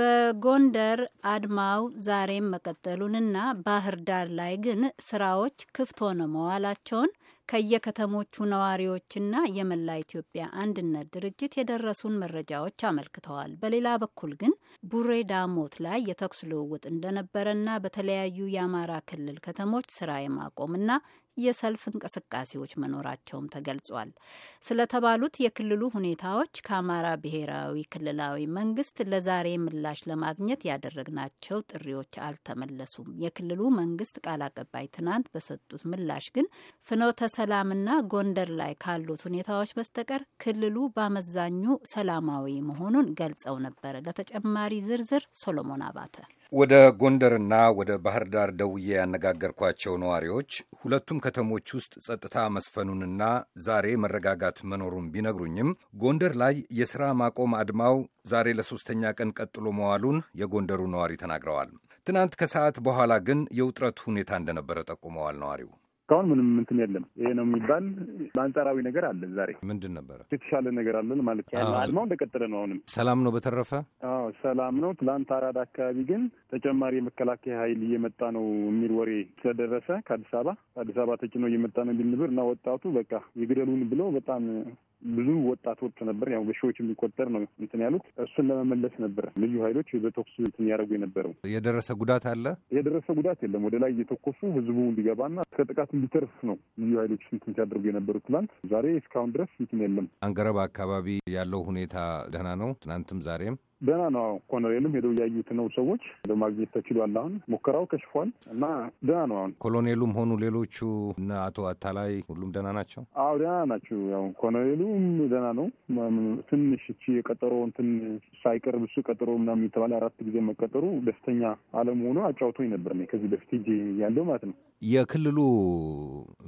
በጎንደር አድማው ዛሬም መቀጠሉንና ባህር ዳር ላይ ግን ስራዎች ክፍት ሆነ መዋላቸውን ከየከተሞቹ ነዋሪዎችና የመላ ኢትዮጵያ አንድነት ድርጅት የደረሱን መረጃዎች አመልክተዋል። በሌላ በኩል ግን ቡሬ ዳሞት ላይ የተኩስ ልውውጥ እንደነበረና በተለያዩ የአማራ ክልል ከተሞች ስራ የማቆምና የሰልፍ እንቅስቃሴዎች መኖራቸውም ተገልጿል። ስለተባሉት የክልሉ ሁኔታዎች ከአማራ ብሔራዊ ክልላዊ መንግስት ለዛሬ ምላሽ ለማግኘት ያደረግናቸው ጥሪዎች አልተመለሱም። የክልሉ መንግስት ቃል አቀባይ ትናንት በሰጡት ምላሽ ግን ፍኖተ ሰላምና ጎንደር ላይ ካሉት ሁኔታዎች በስተቀር ክልሉ በአመዛኙ ሰላማዊ መሆኑን ገልጸው ነበር። ለተጨማሪ ዝርዝር ሶሎሞን አባተ ወደ ጎንደርና ወደ ባህር ዳር ደውዬ ያነጋገርኳቸው ነዋሪዎች ሁለቱም ከተሞች ውስጥ ጸጥታ መስፈኑንና ዛሬ መረጋጋት መኖሩን ቢነግሩኝም ጎንደር ላይ የሥራ ማቆም አድማው ዛሬ ለሦስተኛ ቀን ቀጥሎ መዋሉን የጎንደሩ ነዋሪ ተናግረዋል። ትናንት ከሰዓት በኋላ ግን የውጥረት ሁኔታ እንደነበረ ጠቁመዋል ነዋሪው። እስካሁን ምንም እንትን የለም። ይሄ ነው የሚባል በአንጻራዊ ነገር አለ። ዛሬ ምንድን ነበረ የተሻለ ነገር አለን ማለት ያለ አድማው እንደቀጠለ ነው። አሁንም ሰላም ነው። በተረፈ አዎ ሰላም ነው። ትላንት አራዳ አካባቢ ግን ተጨማሪ የመከላከያ ኃይል እየመጣ ነው የሚል ወሬ ስለደረሰ ከአዲስ አበባ አዲስ አበባ ተጭኖ እየመጣ ነው የሚል ንብር እና ወጣቱ በቃ ይግደሉን ብሎ በጣም ብዙ ወጣቶች ነበር። ያው በሺዎች የሚቆጠር ነው እንትን ያሉት። እሱን ለመመለስ ነበር ልዩ ኃይሎች በተኩስ እንትን ያደረጉ የነበረው። የደረሰ ጉዳት አለ? የደረሰ ጉዳት የለም። ወደ ላይ እየተኮሱ ህዝቡ እንዲገባና ጥቃት እንዲተርፍ ነው ልዩ ኃይሎች እንትን ሲያደርጉ የነበሩ። ትላንት ዛሬ እስካሁን ድረስ እንትን የለም። አንገረብ አካባቢ ያለው ሁኔታ ደህና ነው? ትናንትም ዛሬም ደህና ነው። ኮሎኔልም ሄደው እያዩት ነው ሰዎች ለማግኘት ተችሏል። አሁን ሙከራው ከሽፏል እና ደህና ነው። አሁን ኮሎኔሉም ሆኑ ሌሎቹ እነ አቶ አታላይ ሁሉም ደህና ናቸው። አዎ ደህና ናቸው። ያው ኮሎኔሉም ደህና ነው። ትንሽ እቺ የቀጠሮ እንትን ሳይቀርብ እሱ ቀጠሮ ምናምን የተባለ አራት ጊዜ መቀጠሩ ደስተኛ ሆኖ አጫውቶኝ ነበር ከዚህ በፊት እጅ ያለው ማለት ነው። የክልሉ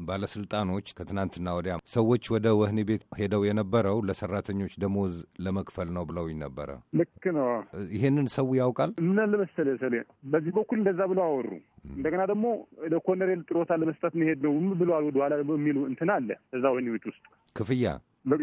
ባለስልጣኖች ከትናንትና ወዲያ ሰዎች ወደ ወህኒ ቤት ሄደው የነበረው ለሰራተኞች ደሞዝ ለመክፈል ነው ብለውኝ ነበረ። ልክ ነው። ይሄንን ሰው ያውቃል። ምን ለመሰለ ሰለ በዚህ በኩል እንደዛ ብሎ አወሩ። እንደገና ደግሞ ለኮሎኔል ጥሮታ ለመስጠት መሄድ ነው ብለዋል። ወደኋላ የሚሉ እንትን አለ እዛ ወህኒዎች ውስጥ ክፍያ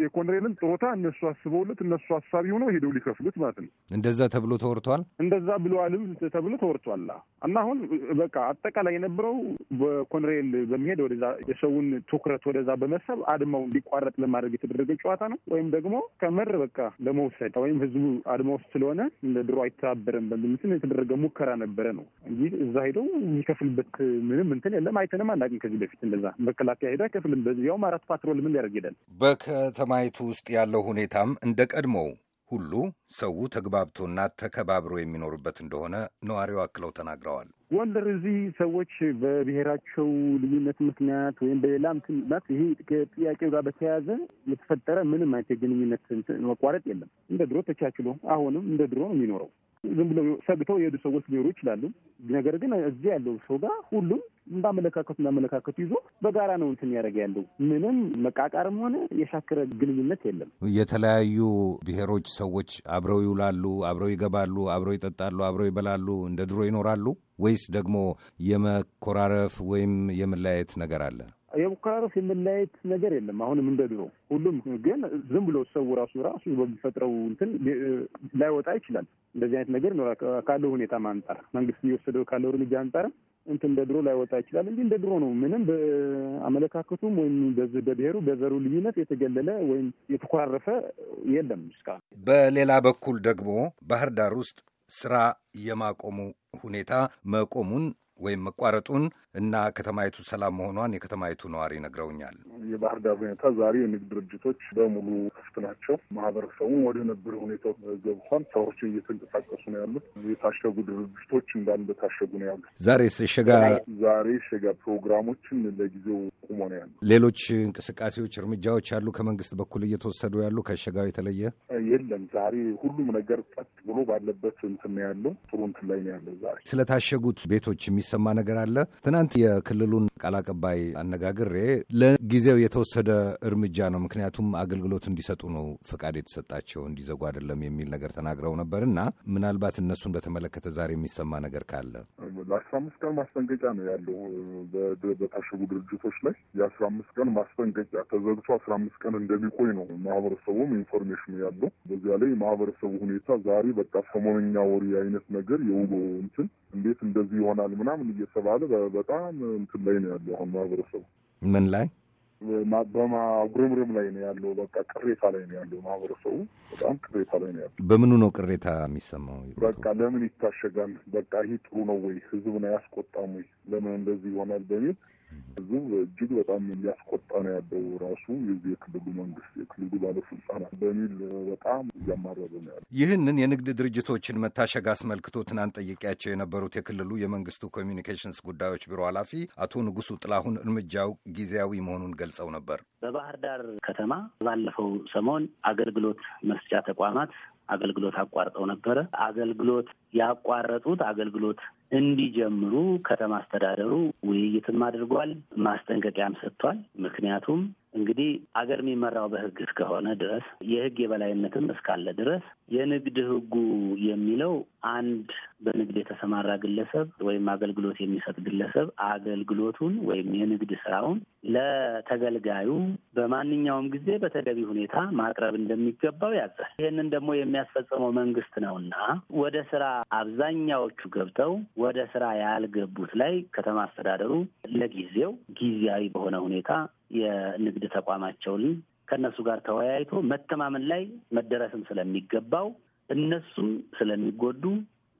የኮንሬልን ጥሮታ እነሱ አስበውለት እነሱ አሳቢ ሆነው ሄደው ሊከፍሉት ማለት ነው። እንደዛ ተብሎ ተወርቷል። እንደዛ ብለዋልም ተብሎ ተወርቷል። እና አሁን በቃ አጠቃላይ የነበረው በኮንሬል በሚሄድ ወደዛ የሰውን ትኩረት ወደዛ በመሰብ አድማው እንዲቋረጥ ለማድረግ የተደረገ ጨዋታ ነው። ወይም ደግሞ ከመር በቃ ለመውሰድ ወይም ህዝቡ አድማ ውስጥ ስለሆነ እንደ ድሮ አይተባበረም በሚል እንትን የተደረገ ሙከራ ነበረ ነው እንጂ እዛ ሄደው የሚከፍልበት ምንም እንትን የለም። አይተንም አናውቅም ከዚህ በፊት እንደዛ መከላከያ ሄዶ አይከፍልም። በዚያውም አራት ፓትሮል ምን ሊያደርግ ሄዳል። በከተማይቱ ውስጥ ያለው ሁኔታም እንደ ቀድሞው ሁሉ ሰው ተግባብቶና ተከባብሮ የሚኖርበት እንደሆነ ነዋሪው አክለው ተናግረዋል። ጎንደር እዚህ ሰዎች በብሔራቸው ልዩነት ምክንያት ወይም በሌላ ምክንያት ይሄ ከጥያቄው ጋር በተያያዘ የተፈጠረ ምንም አይነት የግንኙነት መቋረጥ የለም። እንደ ድሮ ተቻችሎ አሁንም እንደ ድሮ ነው የሚኖረው። ዝም ብለው ሰግተው የሄዱ ሰዎች ሊኖሩ ይችላሉ። ነገር ግን እዚህ ያለው ሰው ጋር ሁሉም እንዳመለካከቱ እንዳመለካከቱ ይዞ በጋራ ነው እንትን ያደረገ ያለው። ምንም መቃቃርም ሆነ የሻከረ ግንኙነት የለም። የተለያዩ ብሔሮች ሰዎች አብረው ይውላሉ፣ አብረው ይገባሉ፣ አብረው ይጠጣሉ፣ አብረው ይበላሉ፣ እንደ ድሮ ይኖራሉ ወይስ ደግሞ የመኮራረፍ ወይም የመለያየት ነገር አለ? የመቀራረፍ የመለያየት ነገር የለም። አሁንም እንደ ድሮ ሁሉም ግን ዝም ብሎ ሰው ራሱ ራሱ በሚፈጥረው እንትን ላይወጣ ይችላል። እንደዚህ አይነት ነገር ኖራ ካለው ሁኔታ አንጻር መንግስት እየወሰደው ካለው እርምጃ አንጻርም እንት እንደ ድሮ ላይወጣ ይችላል እንጂ እንደ ድሮ ነው። ምንም በአመለካከቱም ወይም በዚህ በብሔሩ በዘሩ ልዩነት የተገለለ ወይም የተኮራረፈ የለም እስካሁን። በሌላ በኩል ደግሞ ባህር ዳር ውስጥ ስራ የማቆሙ ሁኔታ መቆሙን ወይም መቋረጡን እና ከተማይቱ ሰላም መሆኗን የከተማይቱ ነዋሪ ነግረውኛል። የባህር ዳር ሁኔታ ዛሬ የንግድ ድርጅቶች በሙሉ ክፍት ናቸው። ማህበረሰቡ ወደ ነበረ ሁኔታው ገብቷል። ሰዎች እየተንቀሳቀሱ ነው ያሉት። የታሸጉ ድርጅቶች እንዳሉ ነው ያሉት። ዛሬ ሸጋ ዛሬ ሸጋ ፕሮግራሞችን ለጊዜው ቆሞ ነው ያሉ። ሌሎች እንቅስቃሴዎች፣ እርምጃዎች አሉ ከመንግስት በኩል እየተወሰዱ ያሉ ከሸጋው የተለየ የለም። ዛሬ ሁሉም ነገር ጸጥ ብሎ ባለበት እንትን ነው ያለው። ጥሩ እንትን ላይ ነው ያለው። ዛሬ ስለታሸጉት ቤቶች የሚሰማ ነገር አለ። ትናንት የክልሉን ቃል አቀባይ አነጋግሬ ለጊዜው የተወሰደ እርምጃ ነው፣ ምክንያቱም አገልግሎት እንዲሰጡ ነው ፈቃድ የተሰጣቸው እንዲዘጉ አይደለም የሚል ነገር ተናግረው ነበር እና ምናልባት እነሱን በተመለከተ ዛሬ የሚሰማ ነገር ካለ ለአስራ አምስት ቀን ማስጠንቀቂያ ነው ያለው በታሸጉ ድርጅቶች ላይ የአስራ አምስት ቀን ማስጠንቀቂያ ተዘግቶ አስራ አምስት ቀን እንደሚቆይ ነው ማህበረሰቡም ኢንፎርሜሽኑ ያለው። በዚያ ላይ ማህበረሰቡ ሁኔታ ዛሬ በቃ ሰሞነኛ ወሬ አይነት ነገር የውሎ እንትን እንዴት እንደዚህ ይሆናል ምናምን እየተባለ በጣም እንትን ላይ ነው ያለው አሁን ማህበረሰቡ ምን ላይ በማጉረምረም ላይ ነው ያለው። በቃ ቅሬታ ላይ ነው ያለው ማህበረሰቡ በጣም ቅሬታ ላይ ነው ያለው። በምኑ ነው ቅሬታ የሚሰማው? በቃ ለምን ይታሸጋል? በቃ ይሄ ጥሩ ነው ወይ? ህዝብን አያስቆጣም ወይ? ለምን እንደዚህ ይሆናል በሚል ህዝብ እጅግ በጣም እያስቆጣ ነው ያለው። ራሱ የዚህ የክልሉ መንግስት የክልሉ ባለስልጣናት በሚል በጣም እያማረበ ነው ያለው። ይህንን የንግድ ድርጅቶችን መታሸግ አስመልክቶ ትናንት ጠየቂያቸው የነበሩት የክልሉ የመንግስቱ ኮሚኒኬሽንስ ጉዳዮች ቢሮ ኃላፊ አቶ ንጉሱ ጥላሁን እርምጃው ጊዜያዊ መሆኑን ገለ ገልጸው ነበር። በባህር ዳር ከተማ ባለፈው ሰሞን አገልግሎት መስጫ ተቋማት አገልግሎት አቋርጠው ነበረ። አገልግሎት ያቋረጡት አገልግሎት እንዲጀምሩ ከተማ አስተዳደሩ ውይይትም አድርጓል፣ ማስጠንቀቂያም ሰጥቷል። ምክንያቱም እንግዲህ አገር የሚመራው በህግ እስከሆነ ድረስ የህግ የበላይነትም እስካለ ድረስ የንግድ ህጉ የሚለው አንድ በንግድ የተሰማራ ግለሰብ ወይም አገልግሎት የሚሰጥ ግለሰብ አገልግሎቱን ወይም የንግድ ስራውን ለተገልጋዩ በማንኛውም ጊዜ በተገቢ ሁኔታ ማቅረብ እንደሚገባው ያዛል። ይህንን ደግሞ የሚያስፈጽመው መንግስት ነውና ወደ ስራ አብዛኛዎቹ ገብተው ወደ ስራ ያልገቡት ላይ ከተማ አስተዳደሩ ለጊዜው ጊዜያዊ በሆነ ሁኔታ የንግድ ተቋማቸውን ከእነሱ ጋር ተወያይቶ መተማመን ላይ መደረስም ስለሚገባው እነሱም ስለሚጎዱ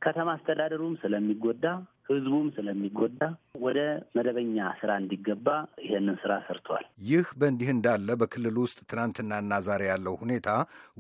ከተማ አስተዳደሩም ስለሚጎዳ ህዝቡም ስለሚጎዳ ወደ መደበኛ ስራ እንዲገባ ይህንን ስራ ሰርተዋል። ይህ በእንዲህ እንዳለ በክልል ውስጥ ትናንትናና ዛሬ ያለው ሁኔታ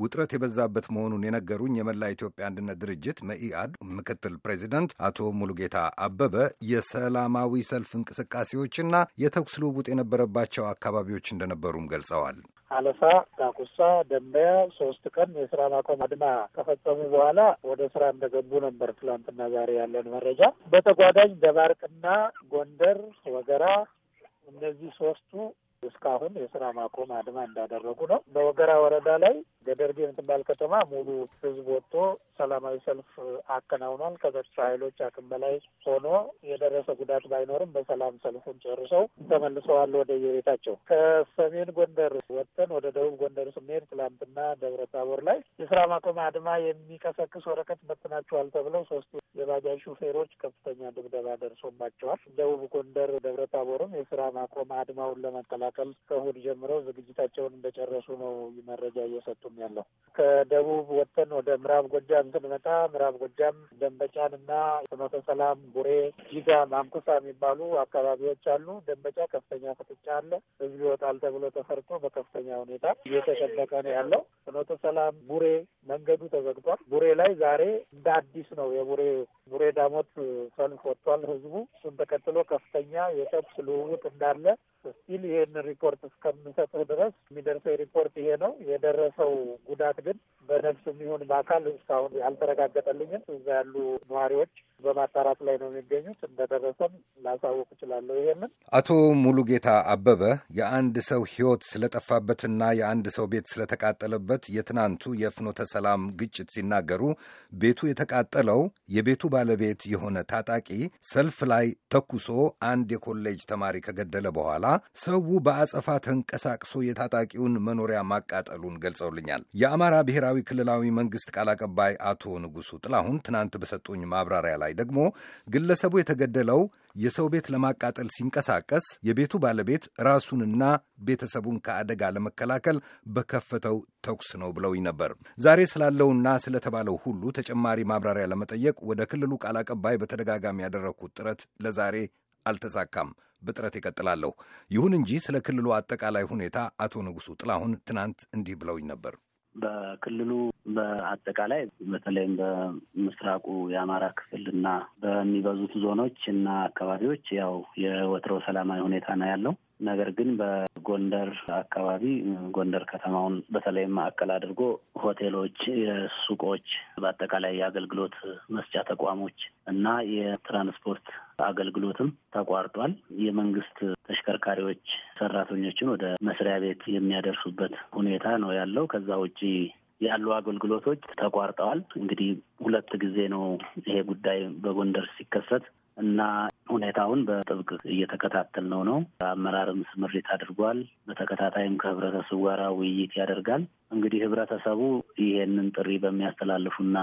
ውጥረት የበዛበት መሆኑን የነገሩኝ የመላ ኢትዮጵያ አንድነት ድርጅት መኢአድ ምክትል ፕሬዚደንት አቶ ሙሉጌታ አበበ የሰላማዊ ሰልፍ እንቅስቃሴዎችና የተኩስ ልውውጥ የነበረባቸው አካባቢዎች እንደነበሩም ገልጸዋል። አለፋ፣ ዳኩሳ፣ ደንበያ ሶስት ቀን የስራ ማቆም አድማ ከፈጸሙ በኋላ ወደ ስራ እንደገቡ ነበር ትላንትና ዛሬ ያለን መረጃ። በተጓዳኝ ደባርቅና ጎንደር፣ ወገራ እነዚህ ሶስቱ እስካሁን የስራ ማቆም አድማ እንዳደረጉ ነው። በወገራ ወረዳ ላይ ገደርጌ የምትባል ከተማ ሙሉ ህዝብ ወጥቶ ሰላማዊ ሰልፍ አከናውኗል። ከጸጥታ ኃይሎች አቅም በላይ ሆኖ የደረሰ ጉዳት ባይኖርም በሰላም ሰልፉን ጨርሰው ተመልሰዋል ወደ የቤታቸው። ከሰሜን ጎንደር ወጥተን ወደ ደቡብ ጎንደር ስንሄድ ትላንትና ደብረ ታቦር ላይ የስራ ማቆም አድማ የሚቀሰቅስ ወረቀት በትናችኋል ተብለው ሶስቱ የባጃጅ ሹፌሮች ከፍተኛ ድብደባ ደርሶባቸዋል። ደቡብ ጎንደር ደብረ ታቦር ስራ ማቆም አድማውን ለመቀላቀል ከእሁድ ጀምረው ዝግጅታቸውን እንደጨረሱ ነው መረጃ እየሰጡም ያለው። ከደቡብ ወጥተን ወደ ምዕራብ ጎጃም ስንመጣ ምዕራብ ጎጃም ደንበጫን እና ፍኖተ ሰላም፣ ቡሬ፣ ጂጋ፣ ማንኩሳ የሚባሉ አካባቢዎች አሉ። ደንበጫ ከፍተኛ ፍጥጫ አለ። ህዝብ ይወጣል ተብሎ ተሰርቶ በከፍተኛ ሁኔታ እየተጠበቀ ነው ያለው። ፍኖተ ሰላም፣ ቡሬ መንገዱ ተዘግቷል። ቡሬ ላይ ዛሬ እንደ አዲስ ነው የቡሬ ቡሬ ዳሞት ሰልፍ ወጥቷል ህዝቡ። እሱን ተከትሎ ከፍተኛ የተኩስ ልውውጥ እንዳለ ስቲል ይህን ሪፖርት እስከምንሰጥህ ድረስ የሚደርሰው ሪፖርት ይሄ ነው። የደረሰው ጉዳት ግን በነፍስ የሚሆን በአካል እስካሁን ያልተረጋገጠልኝም እዛ ያሉ ነዋሪዎች በማጣራት ላይ ነው የሚገኙት። እንደደረሰም ላሳወቅ እችላለሁ። ይሄንን አቶ ሙሉጌታ አበበ የአንድ ሰው ሕይወት ስለጠፋበትና የአንድ ሰው ቤት ስለተቃጠለበት የትናንቱ የፍኖተ ሰላም ግጭት ሲናገሩ ቤቱ የተቃጠለው የቤቱ ባለቤት የሆነ ታጣቂ ሰልፍ ላይ ተኩሶ አንድ የኮሌጅ ተማሪ ከገደለ በኋላ ሰው በአጸፋ ተንቀሳቅሶ የታጣቂውን መኖሪያ ማቃጠሉን ገልጸውልኛል። የአማራ ብሔራዊ ክልላዊ መንግስት ቃል አቀባይ አቶ ንጉሱ ጥላሁን ትናንት በሰጡኝ ማብራሪያ ላይ ላይ ደግሞ ግለሰቡ የተገደለው የሰው ቤት ለማቃጠል ሲንቀሳቀስ የቤቱ ባለቤት ራሱንና ቤተሰቡን ከአደጋ ለመከላከል በከፈተው ተኩስ ነው ብለውኝ ነበር። ዛሬ ስላለውና ስለተባለው ሁሉ ተጨማሪ ማብራሪያ ለመጠየቅ ወደ ክልሉ ቃል አቀባይ በተደጋጋሚ ያደረግኩት ጥረት ለዛሬ አልተሳካም። በጥረት ይቀጥላለሁ። ይሁን እንጂ ስለ ክልሉ አጠቃላይ ሁኔታ አቶ ንጉሱ ጥላሁን ትናንት እንዲህ ብለውኝ ነበር። በክልሉ በአጠቃላይ በተለይም በምስራቁ የአማራ ክፍል እና በሚበዙት ዞኖች እና አካባቢዎች ያው የወትሮ ሰላማዊ ሁኔታ ነው ያለው። ነገር ግን በጎንደር አካባቢ ጎንደር ከተማውን በተለይም ማዕከል አድርጎ ሆቴሎች፣ የሱቆች፣ በአጠቃላይ የአገልግሎት መስጫ ተቋሞች እና የትራንስፖርት አገልግሎትም ተቋርጧል። የመንግስት ተሽከርካሪዎች ሰራተኞችን ወደ መስሪያ ቤት የሚያደርሱበት ሁኔታ ነው ያለው። ከዛ ውጪ ያሉ አገልግሎቶች ተቋርጠዋል። እንግዲህ ሁለት ጊዜ ነው ይሄ ጉዳይ በጎንደር ሲከሰት እና ሁኔታውን በጥብቅ ነው ነው። አመራርም ስምሪት አድርጓል። በተከታታይም ከህብረተሰቡ ጋር ውይይት ያደርጋል። እንግዲህ ህብረተሰቡ ይሄንን ጥሪ በሚያስተላልፉና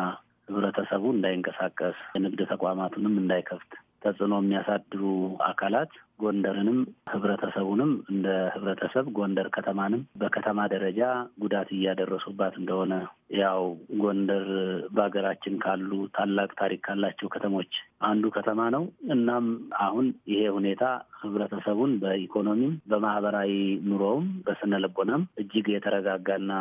ህብረተሰቡ እንዳይንቀሳቀስ የንግድ ተቋማቱንም እንዳይከፍት ተጽዕኖ የሚያሳድሩ አካላት ጎንደርንም ህብረተሰቡንም እንደ ህብረተሰብ ጎንደር ከተማንም በከተማ ደረጃ ጉዳት እያደረሱባት እንደሆነ ያው ጎንደር በሀገራችን ካሉ ታላቅ ታሪክ ካላቸው ከተሞች አንዱ ከተማ ነው። እናም አሁን ይሄ ሁኔታ ህብረተሰቡን በኢኮኖሚም በማህበራዊ ኑሮውም በስነ ልቦናም እጅግ የተረጋጋና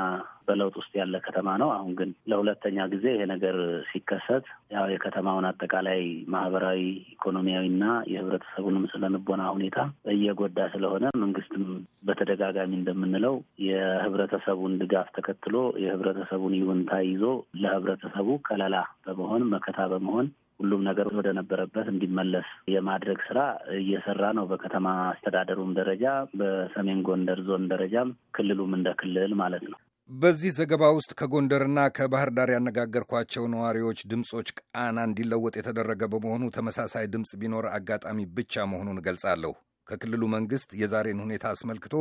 በለውጥ ውስጥ ያለ ከተማ ነው። አሁን ግን ለሁለተኛ ጊዜ ይሄ ነገር ሲከሰት ያው የከተማውን አጠቃላይ ማህበራዊ፣ ኢኮኖሚያዊና የህብረተሰቡንም ስነ ልቦና ሁኔታ እየጎዳ ስለሆነ መንግስትም በተደጋጋሚ እንደምንለው የህብረተሰቡን ድጋፍ ተከትሎ የህብረተሰቡን ይሁንታ ይዞ ለህብረተሰቡ ከለላ በመሆን መከታ በመሆን ሁሉም ነገር ወደነበረበት እንዲመለስ የማድረግ ስራ እየሰራ ነው። በከተማ አስተዳደሩም ደረጃ በሰሜን ጎንደር ዞን ደረጃም ክልሉም እንደ ክልል ማለት ነው። በዚህ ዘገባ ውስጥ ከጎንደርና ከባህር ዳር ያነጋገርኳቸው ነዋሪዎች ድምፆች ቃና እንዲለወጥ የተደረገ በመሆኑ ተመሳሳይ ድምፅ ቢኖር አጋጣሚ ብቻ መሆኑን እገልጻለሁ። ከክልሉ መንግስት የዛሬን ሁኔታ አስመልክቶ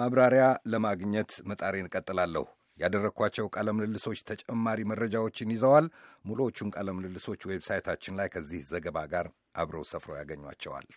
ማብራሪያ ለማግኘት መጣሬን እቀጥላለሁ። ያደረግኳቸው ቃለ ምልልሶች ተጨማሪ መረጃዎችን ይዘዋል። ሙሉዎቹን ቃለ ምልልሶች ዌብሳይታችን ላይ ከዚህ ዘገባ ጋር አብረው ሰፍረው ያገኟቸዋል።